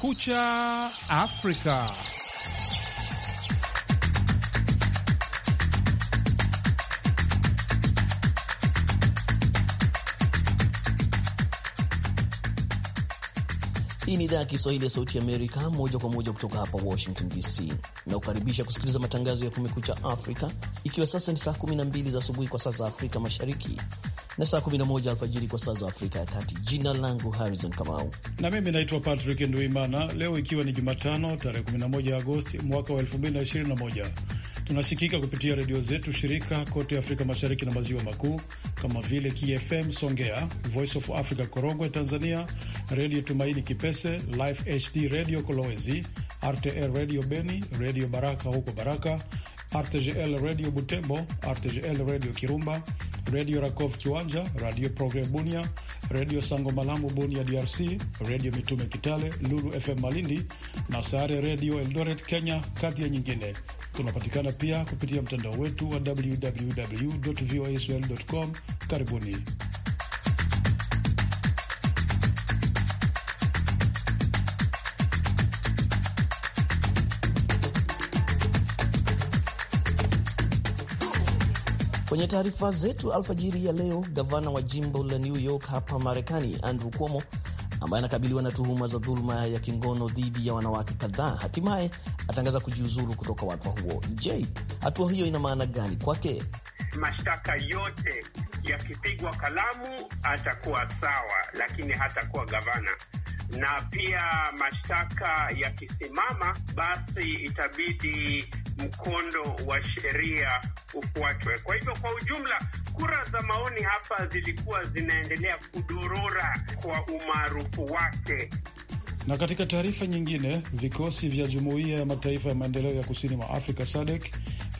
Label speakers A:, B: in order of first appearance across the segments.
A: Kumekucha Afrika.
B: Hii ni idhaa ya Kiswahili ya Sauti Amerika, moja kwa moja kutoka hapa Washington DC. Nakukaribisha kusikiliza matangazo ya Kumekucha Afrika, ikiwa sasa ni saa 12 za asubuhi kwa saa za
C: Afrika Mashariki na saa 11 alfajiri kwa saa za Afrika ya Kati.
B: Jina langu Harrison Kamau
C: na mimi naitwa Patrick Nduimana. Leo ikiwa ni Jumatano tarehe 11 Agosti mwaka wa 2021 tunasikika kupitia redio zetu shirika kote Afrika Mashariki na Maziwa Makuu kama vile KFM Songea, Voice of Africa Korogwe Tanzania, Redio Tumaini Kipese, Life HD Radio Kolowezi, RTL Radio Beni, Redio Baraka huko Baraka, RTGL Radio Butembo, RTGL Radio Kirumba, Redio Rakov Kiwanja, Radio Progre Bunia, Redio Sango Malamu Bunia DRC, Redio Mitume Kitale, Lulu FM Malindi na Sare Redio Eldoret Kenya, kati ya nyingine. Tunapatikana pia kupitia mtandao wetu wa www voa swahili com. Karibuni.
B: Kwenye taarifa zetu alfajiri ya leo, gavana wa jimbo la New York hapa Marekani Andrew Cuomo ambaye anakabiliwa na tuhuma za dhuluma ya kingono dhidi ya wanawake kadhaa hatimaye atangaza kujiuzulu kutoka wadhifa huo. Je, hatua hiyo ina maana gani kwake?
A: mashtaka yote yakipigwa kalamu atakuwa sawa, lakini hatakuwa gavana na pia mashtaka yakisimama, basi itabidi mkondo wa sheria ufuatwe. Kwa hivyo, kwa ujumla, kura za maoni hapa zilikuwa zinaendelea kudorora kwa umaarufu wake.
C: Na katika taarifa nyingine, vikosi vya Jumuiya ya Mataifa ya Maendeleo ya Kusini mwa Afrika SADC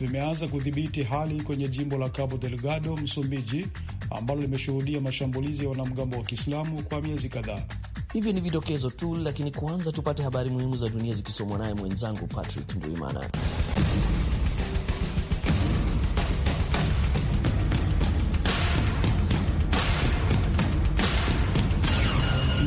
C: vimeanza kudhibiti hali kwenye jimbo la Cabo Delgado, Msumbiji, ambalo limeshuhudia mashambulizi ya wanamgambo wa Kiislamu kwa miezi kadhaa.
B: Hivyo ni vidokezo tu, lakini kwanza tupate habari muhimu za dunia zikisomwa naye mwenzangu Patrick Nduimana.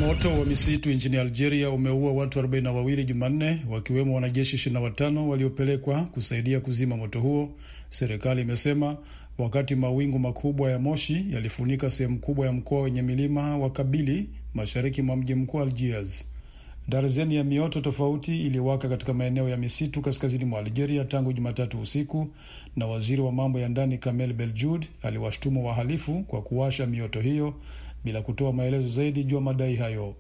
C: Moto wa misitu nchini Algeria umeua watu 42 Jumanne, wakiwemo wanajeshi 25 waliopelekwa kusaidia kuzima moto huo, serikali imesema, wakati mawingu makubwa ya moshi yalifunika sehemu kubwa ya mkoa wenye milima wa Kabili mashariki mwa mji mkuu Algiers. Darzeni ya mioto tofauti iliwaka katika maeneo ya misitu kaskazini mwa Algeria tangu Jumatatu usiku, na waziri wa mambo ya ndani Kamel Beljud aliwashtumu wahalifu kwa kuwasha mioto hiyo bila kutoa maelezo zaidi juu ya madai hayo.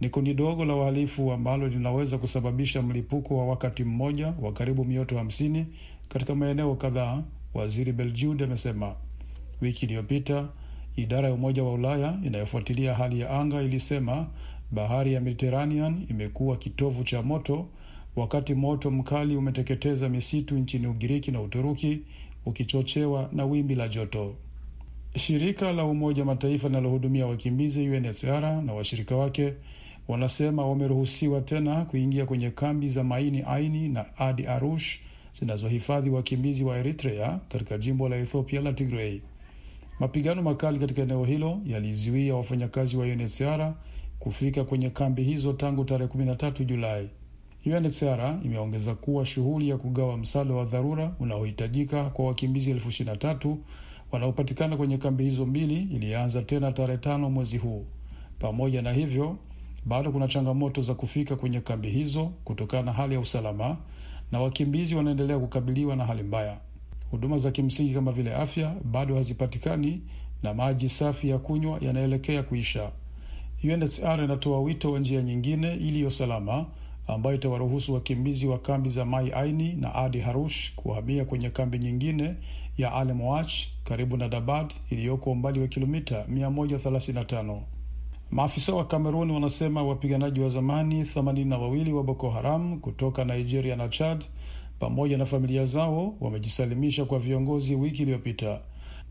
C: Ni kundi dogo la wahalifu ambalo linaweza kusababisha mlipuko wa wakati mmoja wa karibu mioto hamsini katika maeneo kadhaa, waziri Beljude amesema. Wiki iliyopita idara ya Umoja wa Ulaya inayofuatilia hali ya anga ilisema bahari ya Mediteranean imekuwa kitovu cha moto, wakati moto mkali umeteketeza misitu nchini Ugiriki na Uturuki ukichochewa na wimbi la joto. Shirika la Umoja Mataifa linalohudumia wakimbizi UNHCR na washirika wake wanasema wameruhusiwa tena kuingia kwenye kambi za Maini Aini na Adi Arush zinazohifadhi wakimbizi wa Eritrea katika jimbo la Ethiopia la Tigrei. Mapigano makali katika eneo hilo yalizuia wafanyakazi wa UNHCR kufika kwenye kambi hizo tangu tarehe 13 Julai. UNHCR imeongeza kuwa shughuli ya kugawa msaada wa dharura unaohitajika kwa wakimbizi elfu ishirini na tatu wanaopatikana kwenye kambi hizo mbili ilianza tena tarehe tano mwezi huu. Pamoja na hivyo, bado kuna changamoto za kufika kwenye kambi hizo kutokana na hali ya usalama, na wakimbizi wanaendelea kukabiliwa na hali mbaya. Huduma za kimsingi kama vile afya bado hazipatikani na maji safi ya kunywa yanaelekea kuisha. UNHCR inatoa wito wa njia nyingine iliyo salama ambayo itawaruhusu wakimbizi wa kambi za Mai Aini na Adi Harush kuhamia kwenye kambi nyingine ya Al Moach karibu na Dabad iliyoko umbali wa kilomita 135. Maafisa wa Kamerun wanasema wapiganaji wa zamani themanini wawili wa Boko Haram kutoka Nigeria na Chad pamoja na familia zao wamejisalimisha kwa viongozi wiki iliyopita.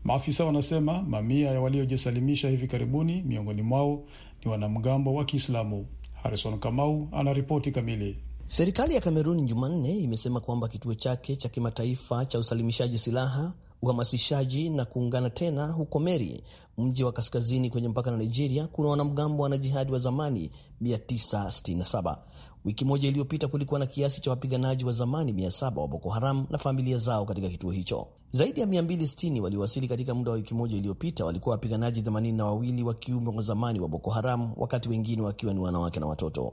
C: Maafisa wanasema mamia ya waliojisalimisha hivi karibuni miongoni mwao ni wanamgambo wa Kiislamu. Harison Kamau ripoti kamili. Serikali ya Kameruni Jumanne imesema kwamba
B: kituo chake cha kimataifa cha usalimishaji silaha, uhamasishaji na kuungana tena huko Meri, mji wa kaskazini kwenye mpaka na Nigeria, kuna wanamgambo wanajihadi wa zamani 967 Wiki moja iliyopita kulikuwa na kiasi cha wapiganaji wa zamani 700 wa Boko Haram na familia zao katika kituo hicho. Zaidi ya 260 waliowasili katika muda wa wiki moja iliyopita walikuwa wapiganaji 82 wa kiume wa zamani wa Boko Haram, wakati wengine wakiwa ni wanawake na watoto.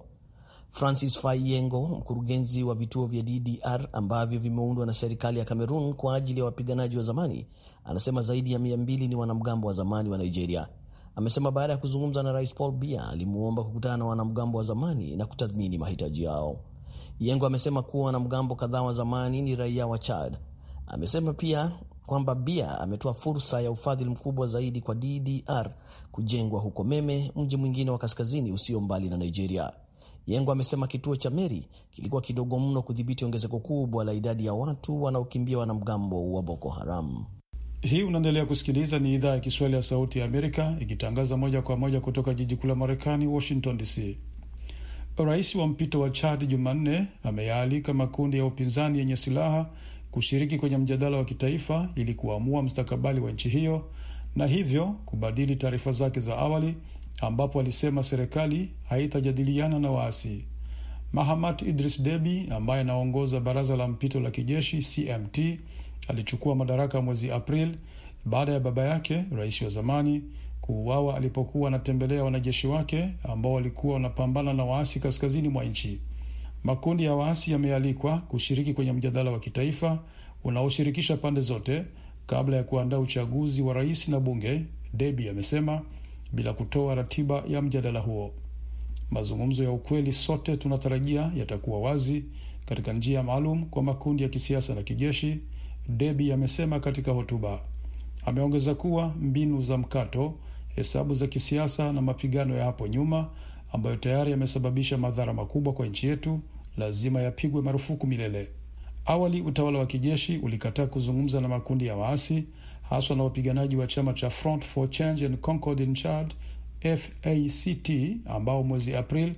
B: Francis Fayengo, mkurugenzi wa vituo vya DDR ambavyo vimeundwa na serikali ya Cameroon kwa ajili ya wapiganaji wa zamani, anasema zaidi ya 200 ni wanamgambo wa zamani wa Nigeria amesema baada ya kuzungumza na Rais Paul Bia alimuomba kukutana na wanamgambo wa zamani na kutathmini mahitaji yao. Yengo amesema kuwa wanamgambo kadhaa wa zamani ni raia wa Chad. Amesema pia kwamba bia ametoa fursa ya ufadhili mkubwa zaidi kwa DDR kujengwa huko Meme, mji mwingine wa kaskazini usio mbali na Nigeria. Yengo amesema kituo cha Meri kilikuwa kidogo mno kudhibiti ongezeko kubwa la idadi ya watu wanaokimbia wanamgambo wa Boko Haram.
C: Hii unaendelea kusikiliza, ni idhaa ya Kiswahili ya Sauti ya Amerika ikitangaza moja kwa moja kutoka jiji kuu la Marekani, Washington DC. Rais wa mpito wa Chad Jumanne ameyaalika makundi ya upinzani yenye silaha kushiriki kwenye mjadala wa kitaifa ili kuamua mstakabali wa nchi hiyo na hivyo kubadili taarifa zake za awali, ambapo alisema serikali haitajadiliana na waasi. Mahamat Idris debi ambaye anaongoza baraza la mpito la kijeshi CMT Alichukua madaraka mwezi Aprili baada ya baba yake, rais wa zamani, kuuawa alipokuwa anatembelea wanajeshi wake ambao walikuwa wanapambana na waasi kaskazini mwa nchi. Makundi ya waasi yamealikwa kushiriki kwenye mjadala wa kitaifa unaoshirikisha pande zote kabla ya kuandaa uchaguzi wa rais na bunge, debi amesema bila kutoa ratiba ya mjadala huo. Mazungumzo ya ukweli sote tunatarajia yatakuwa wazi katika njia maalum kwa makundi ya kisiasa na kijeshi, debi amesema katika hotuba. Ameongeza kuwa mbinu za mkato, hesabu za kisiasa na mapigano ya hapo nyuma ambayo tayari yamesababisha madhara makubwa kwa nchi yetu lazima yapigwe marufuku milele. Awali utawala wa kijeshi ulikataa kuzungumza na makundi ya waasi haswa na wapiganaji wa chama cha Front for Change and Concord in Chad FACT ambao mwezi april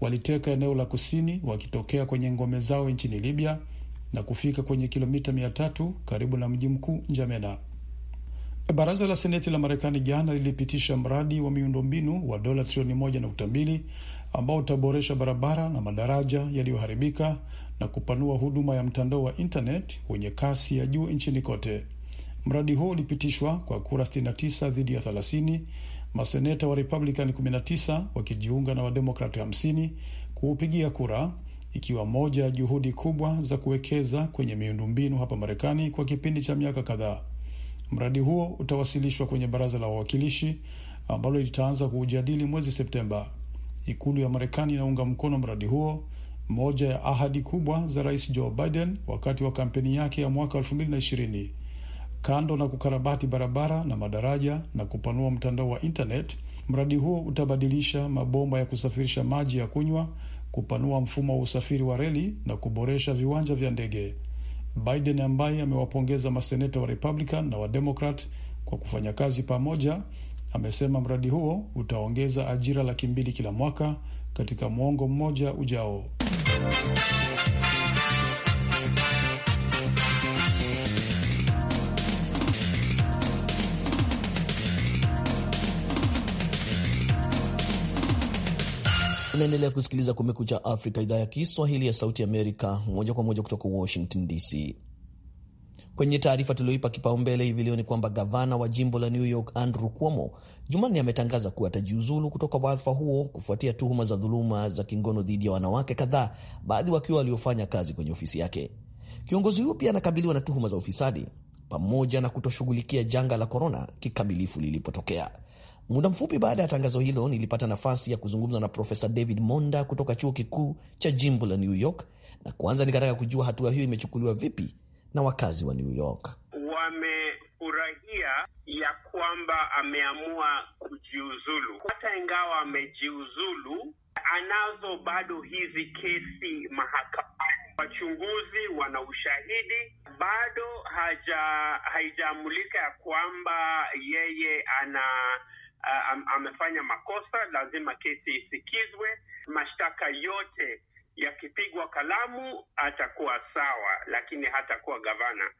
C: waliteka eneo la kusini wakitokea kwenye ngome zao nchini Libya na kufika kwenye kilomita mia tatu karibu na mji mkuu Njamena. Baraza la Seneti la Marekani jana lilipitisha mradi wa miundombinu wa dola trilioni moja nukta mbili ambao utaboresha barabara na madaraja yaliyoharibika na kupanua huduma ya mtandao wa intanet wenye kasi ya juu nchini kote. Mradi huo ulipitishwa kwa kura 69 dhidi ya 30, maseneta wa Republican 19 wakijiunga na Wademokrati 50 kuupigia kura ikiwa moja ya juhudi kubwa za kuwekeza kwenye miundombinu hapa Marekani kwa kipindi cha miaka kadhaa. Mradi huo utawasilishwa kwenye baraza la wawakilishi ambalo litaanza kuujadili mwezi Septemba. Ikulu ya Marekani inaunga mkono mradi huo, moja ya ahadi kubwa za Rais Joe Biden wakati wa kampeni yake ya mwaka 2020. Kando na kukarabati barabara na madaraja na kupanua mtandao wa internet, mradi huo utabadilisha mabomba ya kusafirisha maji ya kunywa kupanua mfumo wa usafiri wa reli na kuboresha viwanja vya ndege. Biden ambaye amewapongeza maseneta wa Republican na wademokrat kwa kufanya kazi pamoja, amesema mradi huo utaongeza ajira laki mbili kila mwaka katika mwongo mmoja ujao.
B: Unaendelea kusikiliza Kumekucha Afrika, idhaa ya Kiswahili ya Sauti Amerika, moja kwa moja kutoka Washington DC. Kwenye taarifa tulioipa kipaumbele hivi leo ni kwamba gavana wa jimbo la New York Andrew Cuomo Jumanne ametangaza kuwa atajiuzulu kutoka wadhifa huo kufuatia tuhuma za dhuluma za kingono dhidi ya wanawake kadhaa, baadhi wakiwa waliofanya kazi kwenye ofisi yake. Kiongozi huyo pia anakabiliwa na tuhuma za ufisadi pamoja na kutoshughulikia janga la korona kikamilifu lilipotokea. Muda mfupi baada ya tangazo hilo, nilipata nafasi ya kuzungumza na Profesa David Monda kutoka chuo kikuu cha jimbo la New York, na kwanza nikataka kujua hatua hiyo imechukuliwa vipi na wakazi wa New York.
A: Wamefurahia ya kwamba ameamua kujiuzulu, hata ingawa amejiuzulu, anazo bado hizi kesi mahakamani wachunguzi wana ushahidi bado haja ya kwamba yeye ana am, amefanya makosa, lazima kesi isikizwe. Mashtaka yote yakipigwa kalamu atakuwa sawa, lakini hatakuwa gavana.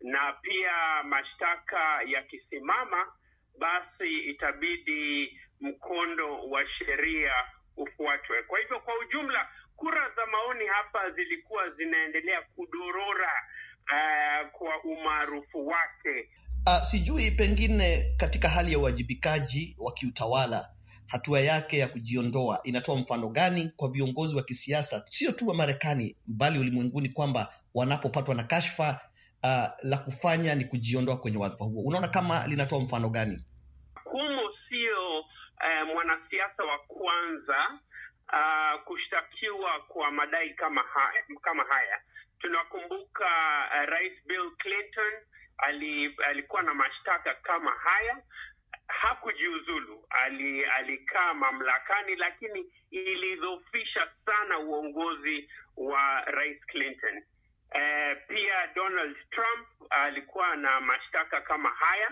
A: Na pia mashtaka yakisimama, basi itabidi mkondo wa sheria ufuatwe. Kwa hivyo, kwa ujumla, kura za maoni hapa zilikuwa zinaendelea kudorora, uh, kwa umaarufu wake.
B: Uh, sijui pengine katika hali ya uwajibikaji wa kiutawala hatua yake ya kujiondoa inatoa mfano gani kwa viongozi wa kisiasa, sio tu wa Marekani bali ulimwenguni, kwamba wanapopatwa na kashfa uh, la kufanya ni kujiondoa kwenye wadhifa huo. Unaona kama linatoa mfano
A: gani? Humo sio eh, mwanasiasa wa kwanza uh, kushtakiwa kwa madai kama haya, kama haya. Tunakumbuka uh, Rais Bill Clinton ali, alikuwa na mashtaka kama haya hakujiuzulu, ali, alikaa mamlakani, lakini ilidhofisha sana uongozi wa Rais Clinton. Eh, pia Donald Trump alikuwa na mashtaka kama haya,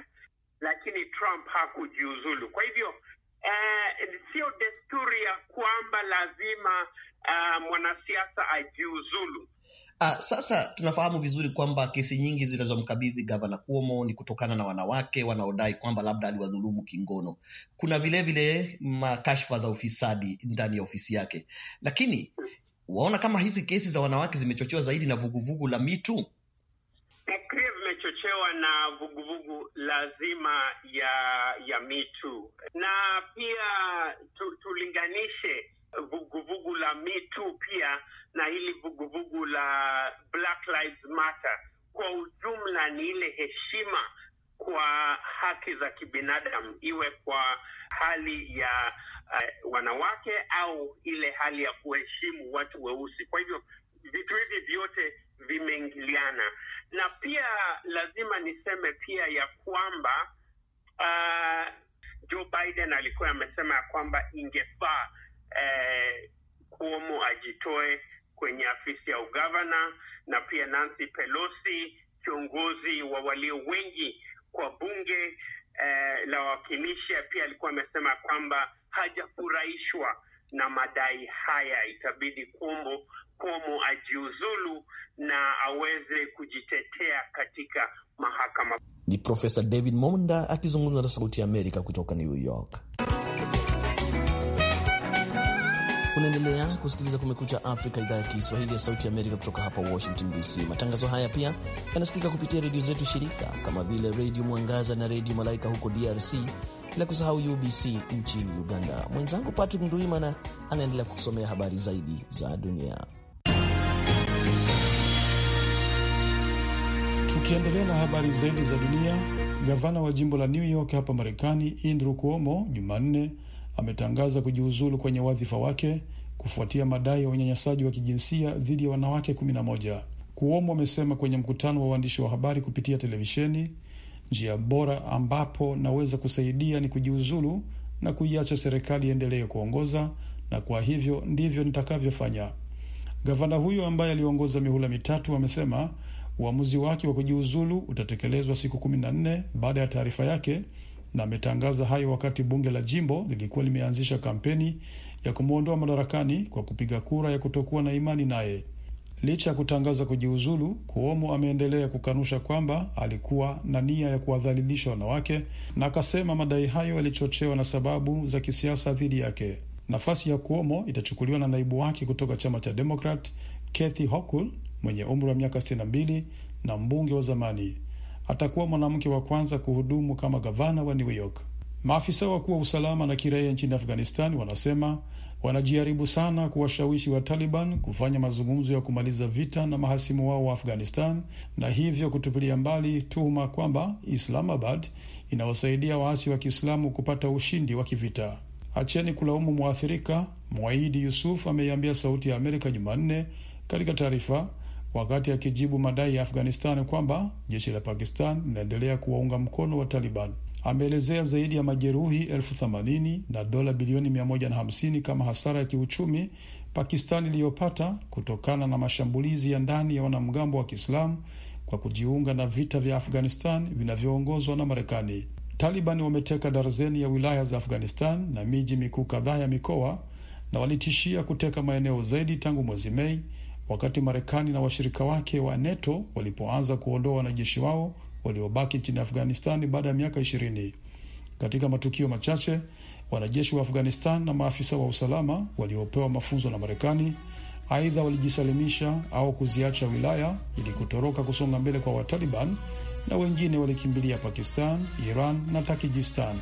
A: lakini Trump hakujiuzulu. Kwa hivyo eh, sio desturi ya kwamba lazima uh, mwanasiasa ajiuzulu.
B: Ah, sasa tunafahamu vizuri kwamba kesi nyingi zinazomkabidhi gavana Cuomo ni kutokana na wanawake wanaodai kwamba labda aliwadhulumu kingono. Kuna vilevile makashfa za ufisadi ndani ya ofisi yake, lakini waona kama hizi kesi za wanawake zimechochewa zaidi na vuguvugu la mitu
A: nafikiri vimechochewa na vuguvugu lazima ya ya mitu, na pia tu, tulinganishe vuguvugu la Me Too pia na hili vuguvugu la Black Lives Matter. Kwa ujumla ni ile heshima kwa haki za kibinadamu, iwe kwa hali ya uh, wanawake au ile hali ya kuheshimu watu weusi. Kwa hivyo vitu hivi vyote vimeingiliana, na pia lazima niseme pia ya kwamba uh, Joe Biden alikuwa amesema ya kwamba ingefaa eh, Cuomo ajitoe kwenye afisi ya ugavana na pia Nancy Pelosi, kiongozi wa walio wengi kwa bunge eh, la wawakilishi, pia alikuwa amesema kwamba hajafurahishwa na madai haya, itabidi Cuomo Cuomo ajiuzulu na aweze kujitetea katika mahakama.
B: Ni Profesa David Monda akizungumza na Sauti ya Amerika kutoka New York. Unaendelea kusikiliza Kumekucha Afrika, idhaa ya Kiswahili ya Sauti Amerika kutoka hapa Washington DC. Matangazo haya pia yanasikika kupitia redio zetu shirika kama vile Redio Mwangaza na Redio Malaika huko DRC, bila kusahau UBC nchini Uganda. Mwenzangu Patrick Nduimana anaendelea kusomea habari zaidi za dunia.
C: Tukiendelea na habari zaidi za dunia, gavana wa jimbo la New York hapa Marekani, Andrew Cuomo Jumanne ametangaza kujiuzulu kwenye wadhifa wake kufuatia madai ya unyanyasaji wa kijinsia dhidi ya wanawake kumi na moja. Kuomo amesema kwenye mkutano wa waandishi wa habari kupitia televisheni, njia bora ambapo naweza kusaidia ni kujiuzulu na kuiacha serikali iendelee kuongoza, na kwa hivyo ndivyo nitakavyofanya. Gavana huyo ambaye aliongoza mihula mitatu amesema uamuzi wake wa kujiuzulu utatekelezwa siku kumi na nne baada ya taarifa yake na ametangaza hayo wakati bunge la jimbo lilikuwa limeanzisha kampeni ya kumwondoa madarakani kwa kupiga kura ya kutokuwa na imani naye. Licha ya kutangaza kujiuzulu, kuomo ameendelea kukanusha kwamba alikuwa na nia ya kuwadhalilisha wanawake na akasema madai hayo yalichochewa na sababu za kisiasa dhidi yake. Nafasi ya kuomo itachukuliwa na naibu wake kutoka chama cha Demokrat, Kathy Hochul mwenye umri wa miaka 62 na mbunge wa zamani atakuwa mwanamke wa kwanza kuhudumu kama gavana wa New York. Maafisa wakuu wa usalama na kiraia nchini Afghanistan wanasema wanajaribu sana kuwashawishi wa Taliban kufanya mazungumzo ya kumaliza vita na mahasimu wao wa Afghanistan na hivyo kutupilia mbali tuhuma kwamba Islamabad inawasaidia waasi wa Kiislamu kupata ushindi wa kivita. Acheni kulaumu mwathirika, Mwaidi Yusuf ameiambia Sauti ya Amerika Jumanne katika taarifa wakati akijibu madai ya Afghanistan kwamba jeshi la Pakistan linaendelea kuwaunga mkono wa Taliban. Ameelezea zaidi ya majeruhi elfu themanini na dola bilioni mia moja na hamsini kama hasara ya kiuchumi Pakistan iliyopata kutokana na mashambulizi ya ndani ya wanamgambo wa Kiislamu kwa kujiunga na vita vya Afghanistan vinavyoongozwa na Marekani. Taliban wameteka darzeni ya wilaya za Afghanistan na miji mikuu kadhaa ya mikoa na walitishia kuteka maeneo zaidi tangu mwezi Mei wakati Marekani na washirika wake wa NATO walipoanza kuondoa wanajeshi wao waliobaki nchini Afghanistani baada ya miaka ishirini. Katika matukio machache, wanajeshi wa Afghanistan na maafisa wa usalama waliopewa mafunzo na Marekani aidha walijisalimisha au kuziacha wilaya ili kutoroka kusonga mbele kwa Wataliban, na wengine walikimbilia Pakistan, Iran na Takijistan.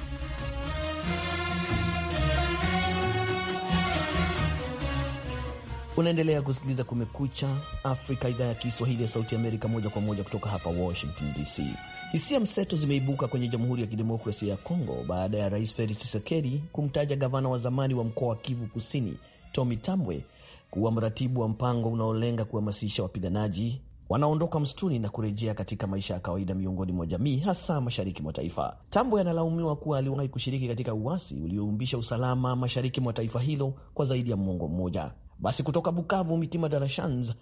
B: Unaendelea kusikiliza Kumekucha Afrika, idhaa ya Kiswahili ya Sauti Amerika, moja kwa moja kutoka hapa Washington DC. Hisia mseto zimeibuka kwenye Jamhuri ya Kidemokrasia ya Kongo baada ya Rais Felix Tshisekedi kumtaja gavana wa zamani wa mkoa wa Kivu Kusini Tommy Tambwe kuwa mratibu wa mpango unaolenga kuhamasisha wapiganaji wanaondoka msituni na kurejea katika maisha ya kawaida miongoni mwa jamii hasa mashariki mwa taifa. Tambwe analaumiwa kuwa aliwahi kushiriki katika uasi ulioumbisha usalama mashariki mwa taifa hilo kwa zaidi ya mwongo mmoja. Basi kutoka Bukavu, Mitima Darashans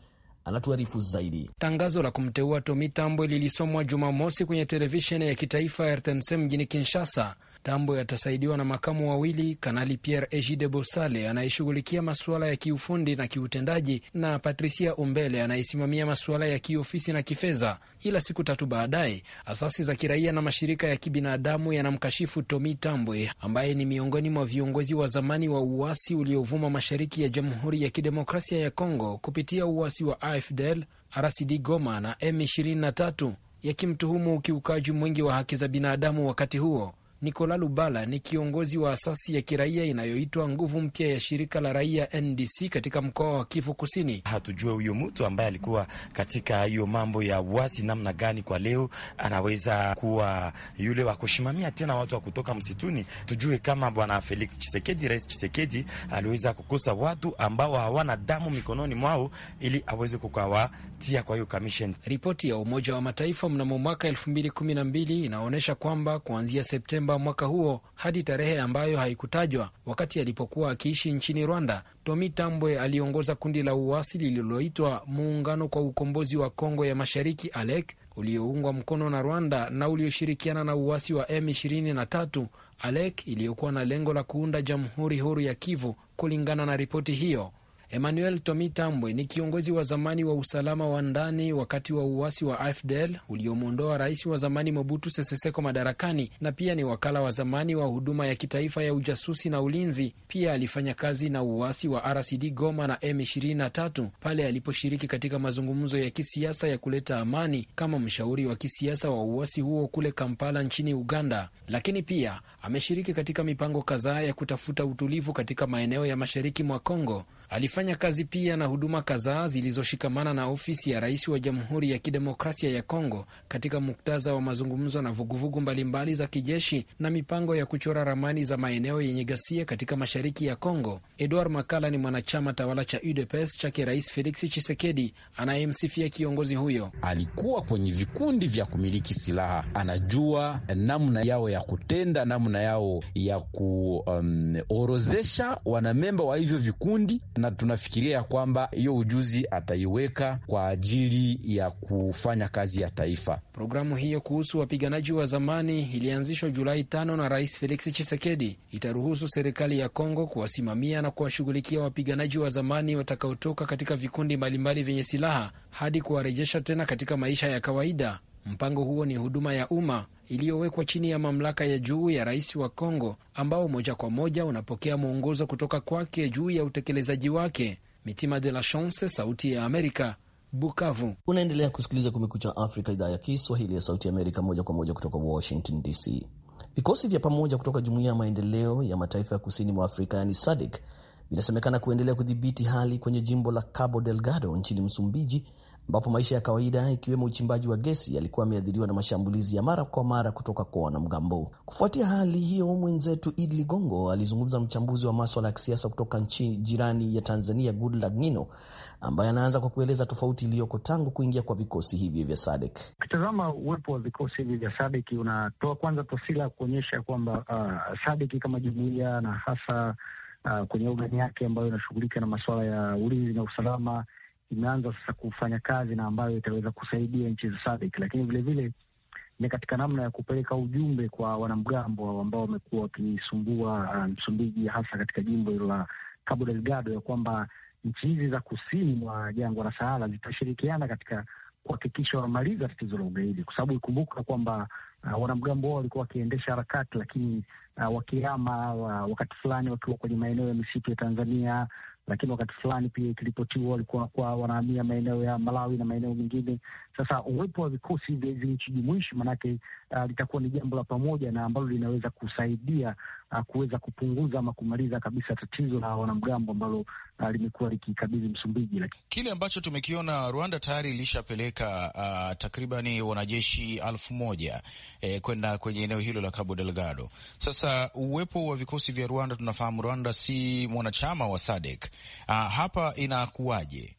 B: anatuarifu zaidi. Tangazo la
D: kumteua Tomi Tambwe lilisomwa Jumamosi kwenye televisheni ya kitaifa RTNC mjini Kinshasa Tambwe atasaidiwa na makamu wawili, Kanali Pierre Egide Bosale anayeshughulikia masuala ya kiufundi na kiutendaji na Patricia Umbele anayesimamia masuala ya kiofisi na kifedha. Ila siku tatu baadaye, asasi za kiraia na mashirika ya kibinadamu yanamkashifu Tomi Tambwe ambaye ni miongoni mwa viongozi wa zamani wa uasi uliovuma mashariki ya Jamhuri ya Kidemokrasia ya Kongo kupitia uasi wa AFDL, RCD Goma na M23 yakimtuhumu ukiukaji mwingi wa haki za binadamu wakati huo nikola Lubala ni kiongozi wa asasi ya kiraia inayoitwa Nguvu Mpya ya shirika la raia NDC katika mkoa wa Kivu Kusini. Hatujue huyo mtu ambaye alikuwa katika hiyo mambo ya wazi namna gani kwa leo anaweza kuwa yule wa kushimamia tena watu wa kutoka msituni. Tujue kama bwana Felix Chisekedi, rais Chisekedi aliweza kukosa watu ambao hawana damu mikononi mwao ili aweze kukawatia kwa hiyo kamishen. Ripoti ya Umoja wa Mataifa mnamo mwaka elfu mbili kumi na mbili inaonyesha kwamba kuanzia Septemba mwaka huo hadi tarehe ambayo haikutajwa, wakati alipokuwa akiishi nchini Rwanda. Tomi Tambwe aliongoza kundi la uasi lililoitwa Muungano kwa Ukombozi wa Kongo ya Mashariki, ALEK, ulioungwa mkono na Rwanda na ulioshirikiana na uasi wa M23, ALEK iliyokuwa na lengo la kuunda jamhuri huru ya Kivu, kulingana na ripoti hiyo. Emmanuel Tomi Tambwe ni kiongozi wa zamani wa usalama wa ndani wakati wa uasi wa AFDL uliomwondoa rais wa zamani Mobutu Sese Seko madarakani na pia ni wakala wa zamani wa huduma ya kitaifa ya ujasusi na ulinzi. Pia alifanya kazi na uasi wa RCD Goma na M23 pale aliposhiriki katika mazungumzo ya kisiasa ya kuleta amani kama mshauri wa kisiasa wa uasi huo kule Kampala nchini Uganda, lakini pia ameshiriki katika mipango kadhaa ya kutafuta utulivu katika maeneo ya mashariki mwa Kongo. Alifanya kazi pia na huduma kadhaa zilizoshikamana na ofisi ya rais wa Jamhuri ya Kidemokrasia ya Kongo katika muktadha wa mazungumzo na vuguvugu mbalimbali za kijeshi na mipango ya kuchora ramani za maeneo yenye ghasia katika mashariki ya Kongo. Edward Makala ni mwanachama tawala cha UDPS chake Rais Felix chisekedi anayemsifia kiongozi huyo. Alikuwa kwenye vikundi vya kumiliki silaha, anajua namna yao ya kutenda, namna namna yao ya kuorozesha um, wanamemba wa hivyo vikundi, na tunafikiria ya kwamba hiyo ujuzi ataiweka kwa ajili ya kufanya kazi ya taifa. Programu hiyo kuhusu wapiganaji wa zamani ilianzishwa Julai tano na Rais Felix Tshisekedi. Itaruhusu serikali ya Kongo kuwasimamia na kuwashughulikia wapiganaji wa zamani watakaotoka katika vikundi mbalimbali vyenye silaha hadi kuwarejesha tena katika maisha ya kawaida. Mpango huo ni huduma ya umma iliyowekwa chini ya mamlaka ya juu ya rais wa Kongo, ambao moja kwa moja unapokea mwongozo kutoka kwake juu ya utekelezaji wake. Mitima de la Chance, Sauti ya Amerika,
B: Bukavu. Unaendelea kusikiliza Kumekucha Afrika, idhaa ya Kiswahili ya Sauti ya Amerika, moja kwa moja kutoka Washington DC. Vikosi vya pamoja kutoka Jumuiya ya Maendeleo ya Mataifa ya Kusini mwa Afrika, yani SADC, vinasemekana kuendelea kudhibiti hali kwenye jimbo la Cabo Delgado nchini Msumbiji ambapo maisha ya kawaida ikiwemo uchimbaji wa gesi yalikuwa yameathiriwa na mashambulizi ya mara kwa mara kutoka kwa wanamgambo. Kufuatia hali hiyo, mwenzetu Id Ligongo alizungumza mchambuzi wa maswala ya kisiasa kutoka nchi jirani ya Tanzania, Goodluck Ngino, ambaye anaanza kwa kueleza tofauti iliyoko tangu kuingia kwa vikosi hivyo vya SADC.
E: Ukitazama uwepo wa vikosi hivi vya SADC unatoa kwanza taswira ya kuonyesha kwamba uh, SADC kama jumuiya na hasa uh, kwenye ugani yake ambayo inashughulika na masuala ya ulinzi na usalama imeanza sasa kufanya kazi na ambayo itaweza kusaidia nchi za SADC, lakini vilevile ni katika namna ya kupeleka ujumbe kwa wanamgambo ambao wamekuwa wakisumbua uh, Msumbiji, um, hasa katika jimbo hilo la Cabo Delgado, ya kwamba nchi hizi za kusini mwa jangwa la Sahara zitashirikiana katika kuhakikisha wanamaliza tatizo la ugaidi, kwa sababu ikumbuka kwamba uh, wanamgambo wao walikuwa wakiendesha harakati, lakini uh, wakihama uh, wakati fulani wakiwa kwenye maeneo ya misitu ya Tanzania lakini wakati fulani pia ikiripotiwa walikuwa wanahamia maeneo ya Malawi na maeneo mengine, sasa uwepo wa vikosi vya hizi nchi jumuishi maanake, uh, litakuwa ni jambo la pamoja na ambalo linaweza kusaidia uh, kuweza kupunguza ama kumaliza kabisa tatizo la wanamgambo ambalo uh, limekuwa likikabidhi Msumbiji. Lakini
C: kile ambacho tumekiona Rwanda tayari ilishapeleka uh, takribani wanajeshi alfu moja eh, kwenda kwenye eneo hilo la Cabo Delgado. Sasa uwepo wa vikosi vya Rwanda, tunafahamu Rwanda si mwanachama wa SADC. Uh, hapa inakuwaje?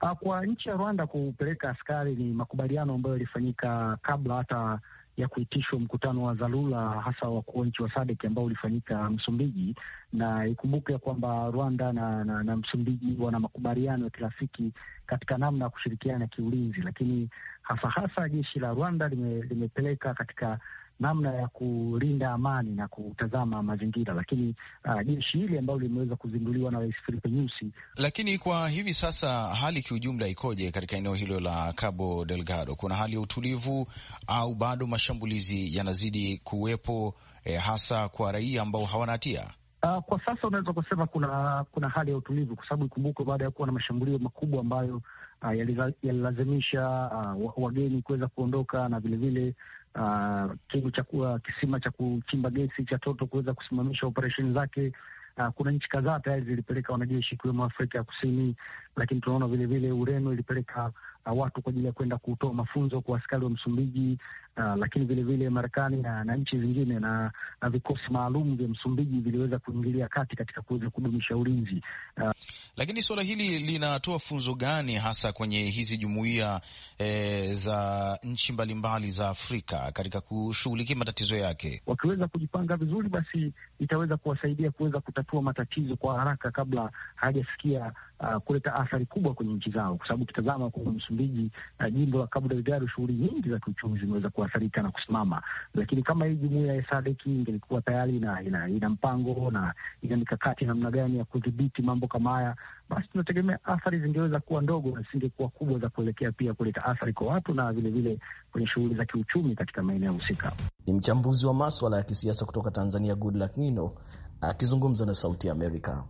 E: Ah, kwa nchi ya Rwanda kupeleka askari ni makubaliano ambayo yalifanyika kabla hata ya kuitishwa mkutano wa dharura hasa wakuu wa nchi wa SADC ambao ulifanyika Msumbiji, na ikumbuke kwamba Rwanda na, na, na Msumbiji wana makubaliano ya kirafiki katika namna ya kushirikiana kiulinzi, lakini hasa hasa jeshi la Rwanda lime, limepeleka katika namna ya kulinda amani na kutazama mazingira, lakini uh, jeshi hili ambalo limeweza kuzinduliwa na Rais Filipe Nyusi.
C: Lakini kwa hivi sasa hali kiujumla ikoje katika eneo hilo la Cabo Delgado? Kuna hali ya utulivu au bado mashambulizi yanazidi kuwepo, eh, hasa kwa raia ambao hawana hatia?
E: Uh, kwa sasa unaweza kusema kuna kuna hali ya utulivu kwa sababu ikumbukwe, baada ya kuwa na mashambulio makubwa ambayo uh, yalilazimisha uh, wageni kuweza kuondoka na vilevile uh, kingu cha uh, kisima cha kuchimba gesi cha Toto kuweza kusimamisha operesheni zake. Uh, kuna nchi kadhaa tayari zilipeleka wanajeshi ikiwemo Afrika ya Kusini, lakini tunaona vilevile Ureno ilipeleka uh, watu kwa ajili ya kwenda kutoa mafunzo kwa askari wa Msumbiji uh, lakini vilevile Marekani na, na nchi zingine na, na vikosi maalum vya Msumbiji viliweza kuingilia kati katika kuweza kudumisha ulinzi uh.
F: Lakini suala hili linatoa funzo gani hasa kwenye hizi jumuiya e, za nchi mbalimbali za Afrika katika kushughulikia matatizo yake?
E: Wakiweza kujipanga vizuri, basi itaweza kuwasaidia kuweza kutatua matatizo kwa haraka kabla hajafikia uh, kuleta athari kubwa kwenye nchi zao, kwa sababu ukitazama kwa Msumbiji, uh, jimbo la Cabo Delgado, shughuli nyingi za kiuchumi zimeweza kuathirika na kusimama. Lakini kama hii jumuiya ya SADC ingelikuwa tayari ina, ina, ina mpango na ina mikakati namna gani ya kudhibiti mambo kama haya, basi tunategemea athari zingeweza kuwa ndogo na zisingekuwa kubwa za kuelekea pia kuleta athari kwa watu na
B: vilevile kwenye shughuli za kiuchumi katika maeneo husika. Ni mchambuzi wa maswala ya kisiasa kutoka Tanzania, Goodluck Nino akizungumza na Sauti ya Amerika.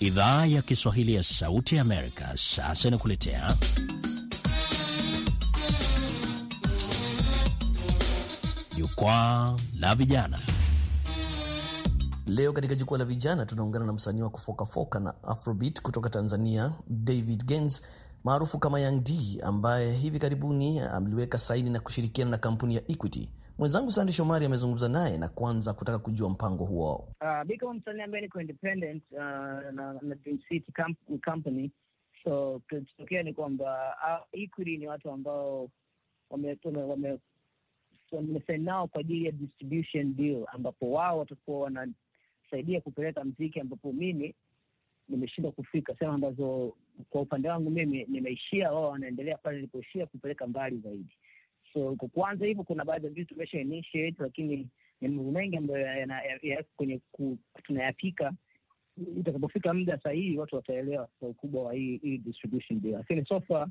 B: Idhaa ya Kiswahili ya Sauti ya Amerika sasa inakuletea Jukwaa la Vijana. Leo katika Jukwaa la Vijana tunaungana na msanii wa kufokafoka na afrobeat kutoka Tanzania, David Gens maarufu kama Young D, ambaye hivi karibuni ameliweka saini na kushirikiana na kampuni ya Equity Mwenzangu Sande Shomari amezungumza naye na kwanza kutaka kujua mpango huo.
G: Uh, mi kama msanii ambaye niko independent uh, na, na company so kilichotokea ni kwamba uh, Equity ni watu ambao wame wamesaini nao kwa ajili ya distribution deal, ambapo wao watakuwa wanasaidia kupeleka mziki, ambapo mimi nimeshindwa kufika sehemu ambazo kwa upande wangu mimi nimeishia, wao wanaendelea pale nilipoishia kupeleka mbali zaidi. So kwa kwanza hivyo, kuna baadhi ya vitu tumesha initiate, lakini ni mambo mengi ambayo yako kwenye tunayapika. Itakapofika muda sahihi, watu wataelewa kwa ukubwa wa hii hii distribution deal. Lakini so far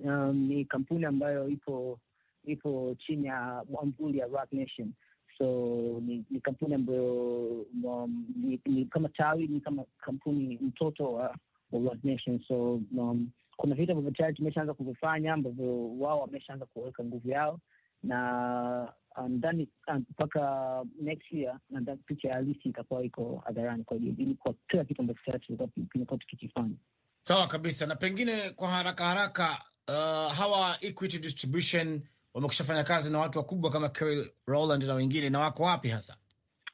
G: um, ni kampuni ambayo ipo ipo chini ya mwamvuli ya Roc Nation so ni, ni kampuni ambayo um, ni, ni kama tawi ni kama kampuni mtoto wa, wa Roc Nation so um, kuna vitu ambavyo tayari tumeshaanza kuvifanya ambavyo wao wameshaanza kuweka nguvu yao, na uh, nadhani uh, mpaka next year nadhani picha halisi itakuwa iko hadharani kwa ili kwa kila kitu ambacho tayari tulikuwa tumekuwa tukikifanya.
F: Sawa kabisa, na pengine kwa haraka haraka, uh, hawa Equity Distribution wamekusha fanya kazi na watu wakubwa kama Kerry Rowland na wengine, na wako wapi hasa?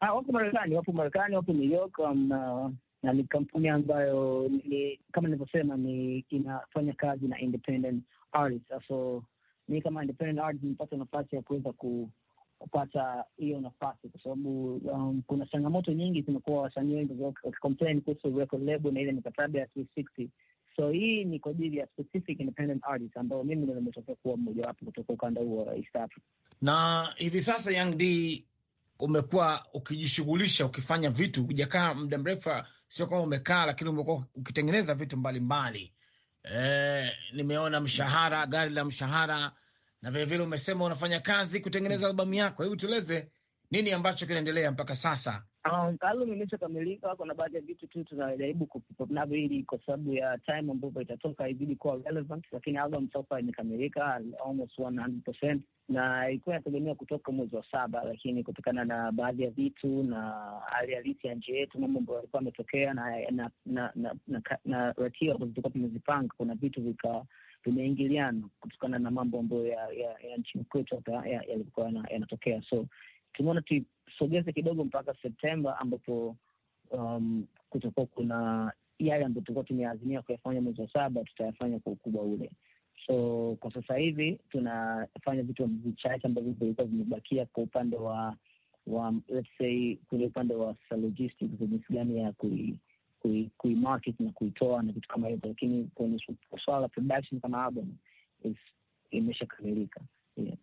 G: Ah, wapo Marekani, wapo Marekani, wapo New York um, uh, na ni kampuni ambayo ni, kama nilivyosema ni inafanya kazi na independent artists. So mi kama independent artist nilipata nafasi ya kuweza ku, kupata hiyo nafasi kwa sababu um, kuna changamoto nyingi zimekuwa wasanii wengi wakicomplain kuhusu record label na ile mikataba ya 360 so hii ni kwa ajili ya specific independent artists ambao mimi nimetokea kuwa mmojawapo kutoka ukanda huo wa East Africa.
F: Na hivi sasa Young D umekuwa ukijishughulisha ukifanya vitu, hujakaa muda mrefu, sio kama umekaa, lakini umekuwa ukitengeneza vitu mbalimbali mbali. Eh, e, nimeona mshahara, gari la mshahara, na vilevile umesema unafanya kazi kutengeneza albamu yako. Hebu tueleze nini ambacho kinaendelea mpaka sasa?
G: Ah, Kalamu imeshakamilika. Kuna baadhi ya vitu tu tunajaribu navyo ili kwa sababu ya time ambapo itatoka izidi kuwa relevant, lakini album sofa imekamilika almost 100% na ilikuwa inategemea kutoka mwezi wa saba, lakini kutokana na baadhi ya vitu na hali halisi ya nchi yetu, mambo ambayo yalikuwa ametokea na na na, na, na, na ambazo tulikuwa tumezipanga, kuna vitu vika vimeingiliana kutokana na mambo ambayo ya, ya, ya nchini kwetu hapa yalikuwa yanatokea so tumeona tuisogeze kidogo mpaka Septemba ambapo um, kutakuwa kuna yale ambayo tulikuwa tumeazimia kuyafanya mwezi wa saba tutayafanya kwa ukubwa ule. So kwa sasa hivi tunafanya vitu vichache ambavyo vilikuwa vimebakia kwa upande wa wa let's say kule upande wa logistics, jinsi gani ya kui kui, kui market na kuitoa na vitu kama hivyo, lakini kwenye swala la production kama album imeshakamilika, yeah.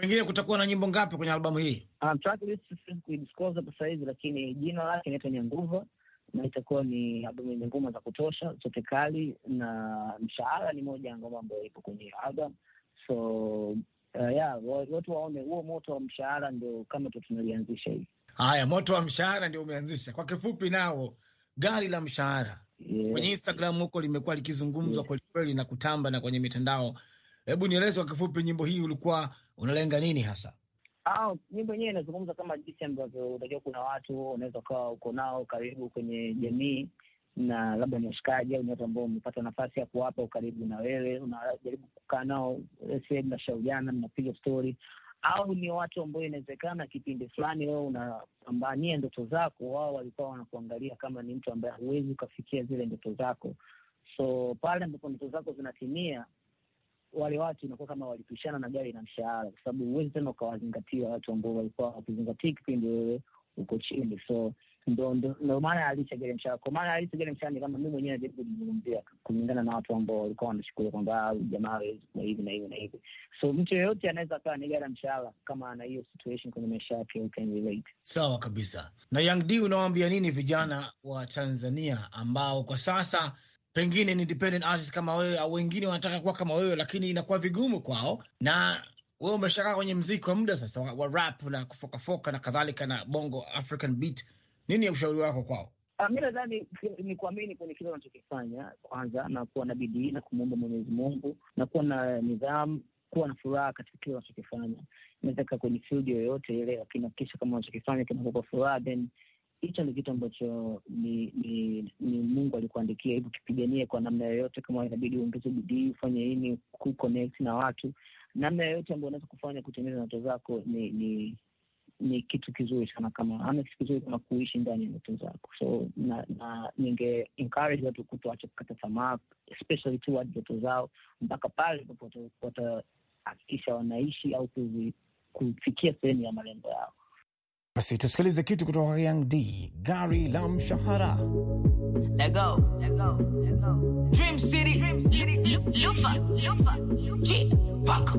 F: Pengine kutakuwa na nyimbo ngapi kwenye albamu hii?
G: Um, ah, tracklist kuidisclose hapo sahizi, lakini jina lake inaitwa Nyanguva na itakuwa ni albamu yenye ngoma za kutosha zote kali, na mshahara ni moja ya ngoma ambayo ipo kwenye hiyo So uh, yeah, watu waone huo moto wa mshahara, ndio kama tu tunalianzisha hivi.
F: Haya, moto wa mshahara ndio umeanzisha kwa kifupi, nao gari la mshahara yeah. Kwenye Instagram huko limekuwa likizungumzwa yeah. kwelikweli na kutamba na kwenye mitandao Hebu nieleze kwa kifupi, nyimbo hii ulikuwa unalenga nini hasa?
G: Ah, nyimbo yenyewe inazungumza kama jinsi ambavyo unajua, kuna watu unaweza ukawa uko nao karibu kwenye jamii na labda ni washikaji au ni watu ambao umepata nafasi ya kuwapa ukaribu na wewe, unajaribu kukaa nao, mnashauriana, mnapiga stori, au ni watu ambao inawezekana kipindi fulani wewe unapambania ndoto zako, wao walikuwa wanakuangalia kama ni mtu ambaye huwezi ukafikia zile ndoto zako. So pale ambapo ndoto zako zinatimia wale watu inakuwa kama walipishana na gari na mshahara, kwa sababu huwezi tena ukawazingatia watu ambao walikuwa wakizingatia kipindi wewe uko chini. So ndo ndo maana alicha gari mshahara. Kwa maana alicha gari mshahara ni kama mi mwenyewe najaribu kujizungumzia kulingana na watu ambao walikuwa wanachukulia kwamba ah, jamaa hawezi kuwa hivi na hivi na hivi. So mtu yeyote anaweza akawa ni gari mshahara kama ana hiyo situation kwenye maisha yake, can relate. Sawa kabisa.
F: Na Young D, unawaambia nini vijana wa Tanzania ambao kwa sasa pengine ni independent artist kama wewe au wengine wanataka kuwa kama wewe, lakini inakuwa vigumu kwao. Na wewe umeshakaa kwenye mziki kwa muda sasa wa, rap na kufokafoka na kadhalika na bongo african beat, nini ya ushauri wako kwao? Ah, Mi nadhani
G: ni kuamini kwenye kile unachokifanya kwanza, na kuwa na bidii na kumwomba Mwenyezi Mungu na kuwa na nidhamu, kuwa na furaha katika kile unachokifanya. Inaweza kaa kwenye studio yoyote ile, lakini hakikisha kama unachokifanya kinakupa furaha then hicho ni kitu ambacho ni ni, ni Mungu alikuandikia, hivyo kipiganie kwa namna yoyote. Kama inabidi uongeze bidii, ufanye nini kuconnect na watu, namna yoyote ambayo unaweza kufanya kutengeneza ndoto zako ni ni ni kitu kizuri sana, kama ama kitu kizuri kama kuishi ndani ya ndoto zako. So na, na ninge encourage watu kutoacha kukata tamaa, especially toward ndoto zao mpaka pale ambapo watahakikisha wanaishi au
F: kufikia sehemu ya malengo yao. Basi tusikilize kitu kutoka Young D, gari la mshahara. Let go. Let go. Let go. Dream City. Dream City. Lufa. Lufa. Chi. Paka.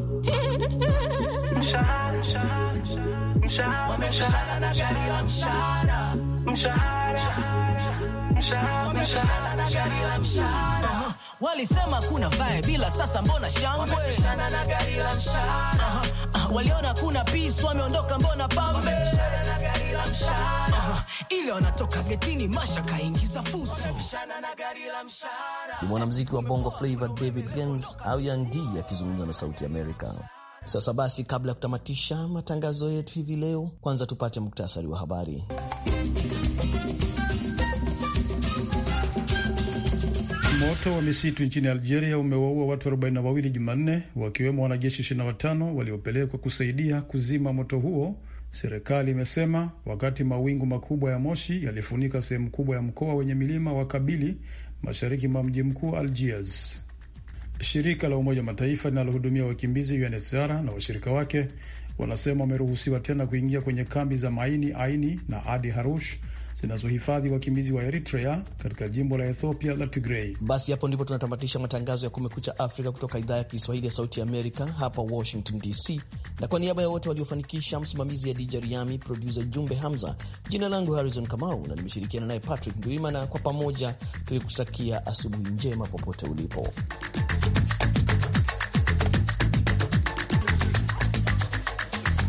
F: Mshahara, mshahara, mshahara. Mshahara na gari la mshahara. Mshahara,
B: mshahara, mshahara. Mshahara na gari la mshahara. walisema kuna vibe bila, sasa mbona shangwe? Wamepishana na gari la mshahara. Aha, aha, waliona kuna peace, wameondoka mbona pambe? Wamepishana na gari la
F: mshahara. Aha, ile wanatoka getini Masha kaingiza fuso. Wamepishana
D: na gari la mshahara.
B: Ni mwanamuziki wa Bongo flavor David Gens au Young D akizungumza na Sauti Amerika. Sasa basi, kabla ya kutamatisha matangazo yetu hivi leo, kwanza tupate muktasari wa habari.
C: Moto wa misitu nchini Algeria umewaua watu 42 Jumanne, wakiwemo wanajeshi 25 waliopelekwa kusaidia kuzima moto huo, serikali imesema, wakati mawingu makubwa ya moshi yalifunika sehemu kubwa ya mkoa wenye milima wa Kabili, mashariki mwa mji mkuu Algiers. Shirika la Umoja Mataifa linalohudumia wakimbizi UNHCR na washirika wake wanasema wameruhusiwa tena kuingia kwenye kambi za Maini Aini na Adi Harush zinazohifadhi wakimbizi wa Eritrea katika jimbo la Ethiopia la Tigrei. Basi hapo ndipo tunatamatisha matangazo ya
B: Kumekucha Afrika kutoka idhaa ya Kiswahili ya Sauti ya Amerika hapa Washington DC, na kwa niaba ya wote waliofanikisha, msimamizi ya Dija Riami, produsa Jumbe Hamza, jina langu Harrison Kamau na nimeshirikiana naye Patrick Ndwimana, kwa pamoja tulikutakia asubuhi njema popote ulipo.